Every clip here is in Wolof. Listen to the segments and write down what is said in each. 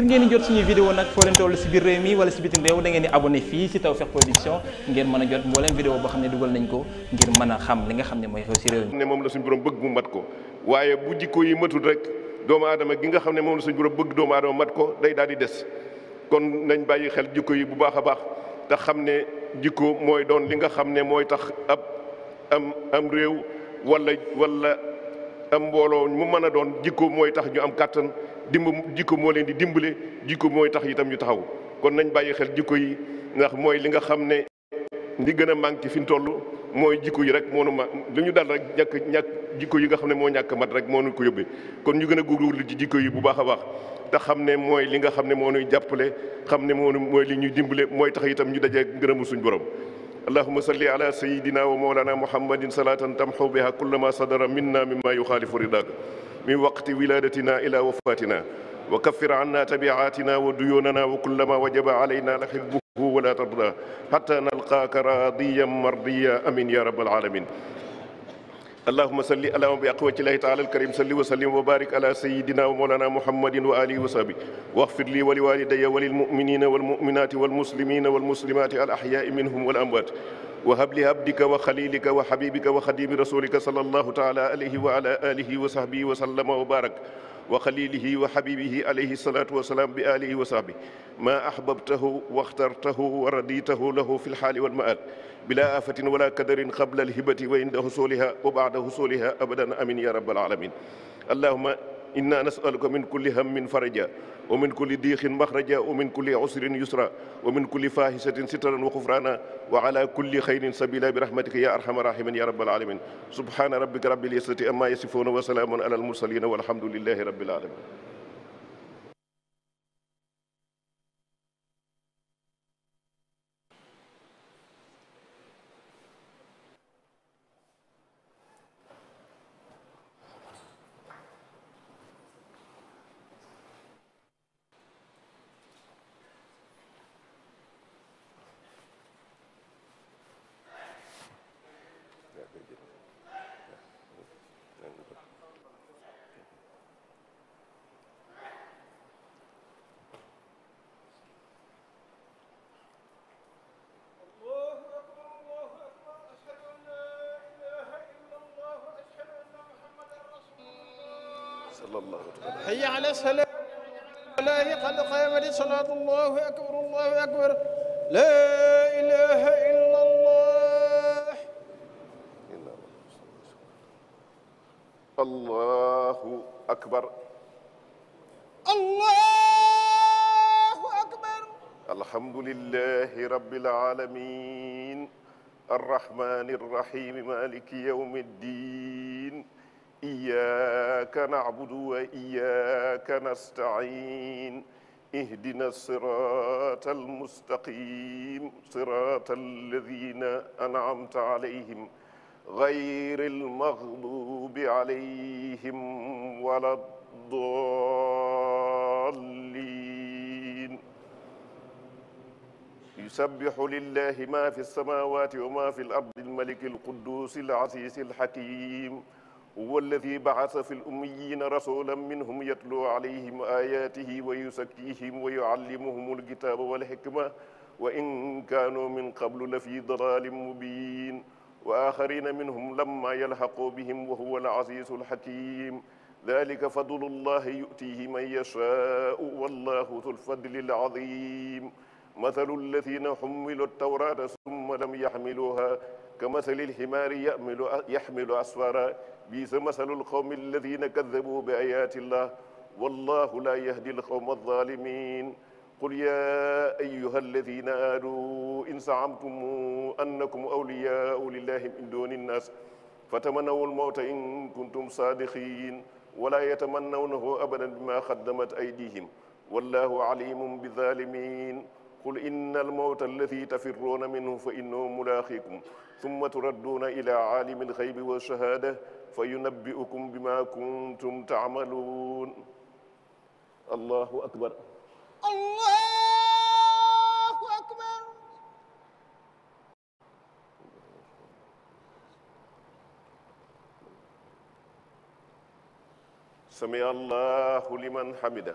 ngir ngeen di jot suñuy vidéo nag foo leen toll si biir réew mi wala si bitim réew da ngeen di abonné fii si Tawfekh Production ngeen mën a jot mbooleem vidéo boo xam ne dugal nañ a xam li nga xam ne mooy xew si réew mi. ne moom la suñu borom bëgg mu mat ko waaye bu jikko yi matul rek doomu aadama gi nga xam ne moom la suñu borom bëgg doomu aadama mat ko day daal di des kon nañ bàyyi xel jikko yi bu baax a baax te xam ne jikko mooy doon li nga xam ne mooy tax ab am am réew wala wala am mbooloo mu mën a doon jikko mooy tax ñu am kàttan dimba jikko moo leen di dimbale jikko mooy tax itam ñu taxaw kon nañ bàyyi xel jikko yi ndax mooy li nga xam ne li gën a manqué fi ñu toll mooy jikko yi rek moo nu ma lu ñu dal rek ñàkk ñàkk jikko yi nga xam ne moo ñàkk mat rek moo nu ko yóbbee kon ñu gën a góorgóorlu ci jikko yi bu baax a baax te xam ne mooy li nga xam ne moo nuy jàppale xam ne moo nu mooy li ñuy dimbale mooy tax itam ñu dajee ngërëmu suñ borom allahuma salli ala sayidina wa mawlana muhammadin salatan tamxu biha kulla ma sadara minna min waqti wilaadatina ila wafatina wa kaffir anna tabiatina wa duyoonana wa kulla ma wajaba alayna la xibbuhu wala tarda xata nalqaaka raadiyan mardiya amin ya rabbal alamin allahuma salli ala bi aqwatillahi taala alkarim salli wa sallim wa barik ala sayidina wa mawlana muhammadin wa alihi wa sahbi waxfir li wa liwalidaya wa lilmuminina walmuminati walmuslimina walmuslimati alahyai minhum wal amwaat wa habli abdika wa xalilika wa xabibika wa xadimi rasulika sallallahu taala alayhi wa ala alihi wa sahbihi wa sallama wa barak wa xalilihi wa xabibihi alayhi salaatu wa salaam bi alihi wa sahbi maa ahbabtahu waxtartahu wa raditahu lahu fi lxaali walmaal bila afatin wala kadarin qabla alhibati wa inda husuliha wa baada husuliha abadan amin ya rabbal alamin allahuma inna nasaluka min kulli hammin faraja wa min kulli diixin maxraja wa min kulli usrin yusra wa min kulli fahishatin sitran wa xufrana wa ala kulli xayrin sabila bi rahmatika ya arhama rahimin ya rabbal alamin subhana rabbika rabbil izzati amma yasifuna wa salaamun ala al mursalina walhamdulillahi rabbil alamin sallallahu hayya ala salam wallahi qad qamati salatu allahu akbar allahu akbar la ilaha illa allah allahu akbar allahu akbar alhamdulillahi rabbil alamin الرحمن الرحيم مالك يوم الدين iyyaka na'budu wa iyyaka nasta'in ihdina sirata almustaqim sirata alladhina an'amta alayhim غير المغضوب عليهم ولا الضالين يسبح لله ما في السماوات وما في الأرض الملك القدوس العزيز الحكيم huwa alladi baasa fi lummiyina rasulan minhum yatluu alayhim ayatihi wa yusakkihim wa yuallimuhum alkitaba walhikma wa in kaanu min qablu la fi dalalin mubin wa axarina minhum lamma yalhaqu bihim wa huwa alazizu alhakim dalika fadlu llahi yutihi man yashaau wallahu dul fadli alazim mathalu alladina xummilu altawrata summa lam yaxmiluha كمثل الحمار يحمل يحمل أسفارا بئس مثل القوم الذين كذبوا بآيات الله والله لا يهدي القوم الظالمين قل يا أيها الذين آمنوا إن زعمتم أنكم أولياء لله من دون الناس فتمنوا الموت إن كنتم صادقين ولا يتمنونه أبدا بما قدمت أيديهم والله عليم بالظالمين qul inna almawta alladi tafirruuna minhu fa innahu mulaaqiikum summa turadduuna ilaa aalimi alxaybi wa shahaada fa yunabbi'ukum bima kuntum taamaluun allahu akbar allahu akbar sami allahu liman hamida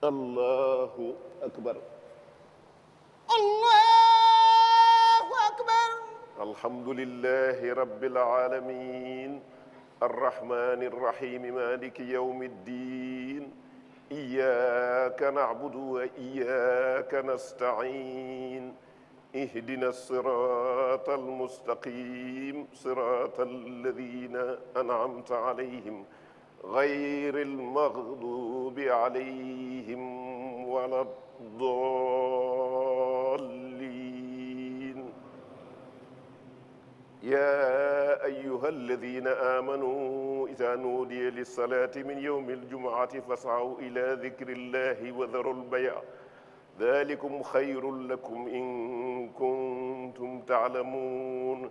allahu akbar allahu akbar alhamdulillahi rabbil alamin الرحمن الرحيم مالك يوم الدين إياك نعبد وإياك نستعين اهدنا الصراط المستقيم صراط الذين أنعمت عليهم غير المغضوب عليهم ولا الضالين يا أيها الذين آمنوا إذا نودي للصلاة من يوم الجمعة فاسعوا إلى ذكر الله وذروا البيع ذلكم خير لكم إن كنتم تعلمون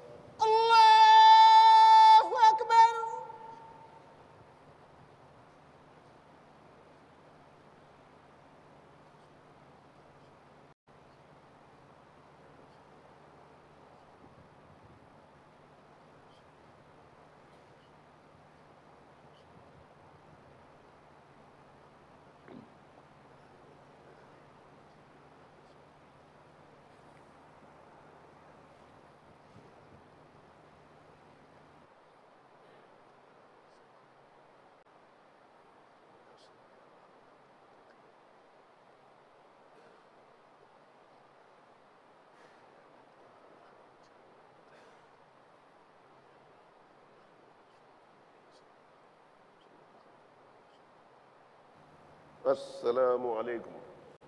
asalaamualeykum.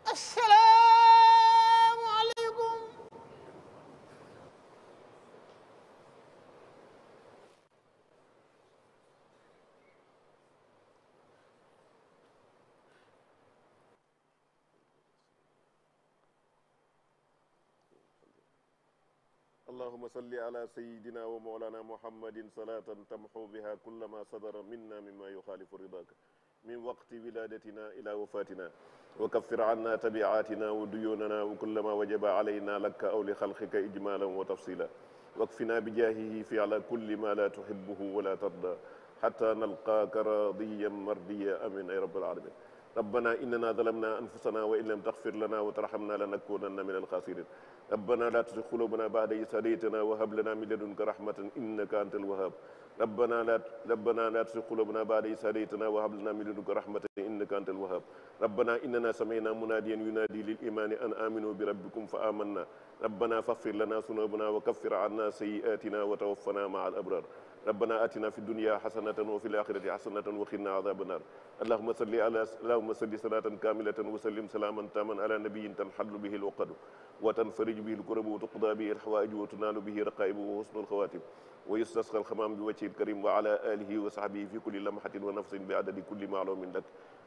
asalaamualeykum. allahuma salli ala sayidina wa mawlana muhammadin salatan tamxu biha kulla ma sadara minna mima yuxaalifu ridaka min waqti wiladatina ila wafatina wa kaffir anna tabiatina wa duyunana wa kullama wajaba alayna laka aw li xalqika ijmalan wa tafsila wakfina bijaahihi fi ala kulli ma la tuhibuhu wala tarda xata nalqaaka radiyan mardiya amin ay rabbal alamin rabbana innana zalamna anfusana wa in lam taxfir lana wa tarxamna lanakunanna min alxasirin ربنا لا تزغ قلوبنا بعد إذ هديتنا وهب لنا من لدنك رحمة إنك أنت الوهاب ربنا لا ربنا لا تزغ قلوبنا بعد إذ هديتنا وهب لنا من لدنك رحمة إنك أنت الوهاب ربنا إننا سمعنا مناديا ينادي للإيمان أن آمنوا بربكم فآمنا ربنا فاغفر لنا ذنوبنا وكفر عنا سيئاتنا وتوفنا مع الأبرار ربنا آتنا في الدنيا حسنة وفي الآخرة حسنة وقنا عذاب النار اللهم صل على اللهم صل صلاة كاملة وسلم سلاما تاما على نبي تنحل به العقد وتنفرج به الكرب وتقضى به الحوائج وتنال به رقائب وحسن الخواتم ويستسقى الخمام بوجهه الكريم وعلى آله وصحبه في كل لمحة ونفس بعدد كل معلوم لك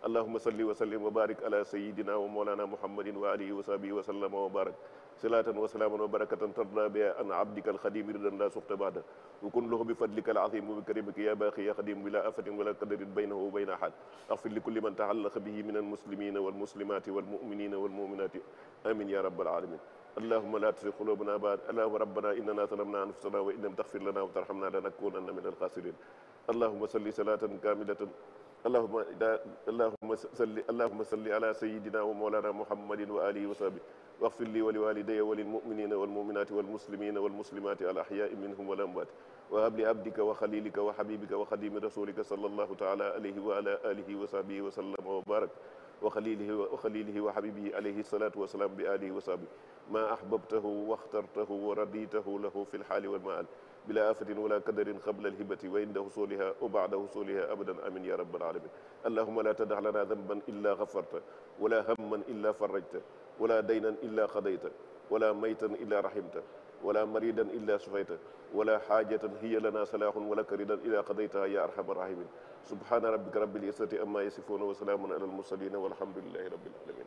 اللهم صل وسلم وبارك على سيدنا ومولانا محمد وآله وصحبه وسلم وبارك salaatan wa salaaman wa barakatan tarda bi an abdika alxadimi ridan la suxta baada wa kun lahu bi fadlika alazim wa bi karimika ya baqi ya xadim bila afatin wala qadarin baynahu wa bayna ahad axfir li kulli man taxallaqa bihi min almuslimina walmuslimati walmuminina walmuminati amin ya rabbal alamin allahuma la tusi qulubana baad allahuma rabbana innana salamna anfusana wa in lam taxfir lana wa tarxamna lanakunanna min alxasirin allahuma salli salatan kamilatan allahuma allahuma salli allahuma salli ala sayidina wa mawlana muhammadin wa alihi wa sahbihi واغفر لي ولوالدي وللمؤمنين والمؤمنات والمسلمين والمسلمات الأحياء منهم والأموات وهب لعبدك وخليلك وحبيبك وخديم رسولك صلى الله تعالى عليه وعلى آله وصحبه وسلم وبارك وخليله وخليله وحبيبه عليه الصلاة والسلام بآله وصحبه ما أحببته واخترته ورديته له في الحال والمآل bila afatin wala kadarin qabla alhibati wa inda husuliha wa ba'da husuliha abadan amin ya rabbal alamin allahumma la tadax lana damban illa gafarta wala hamman illa farajta wala daynan illa qadayta wala maytan illa rahimta wala maridan illa sufayta wala xaajatan hiya lana salahun wala karidan ila qadaytaha ya arhama rahimin subhana rabbika rabbil izzati amma yasifuna wa salaamun ala almursalina walhamdulilahi rabbil alamin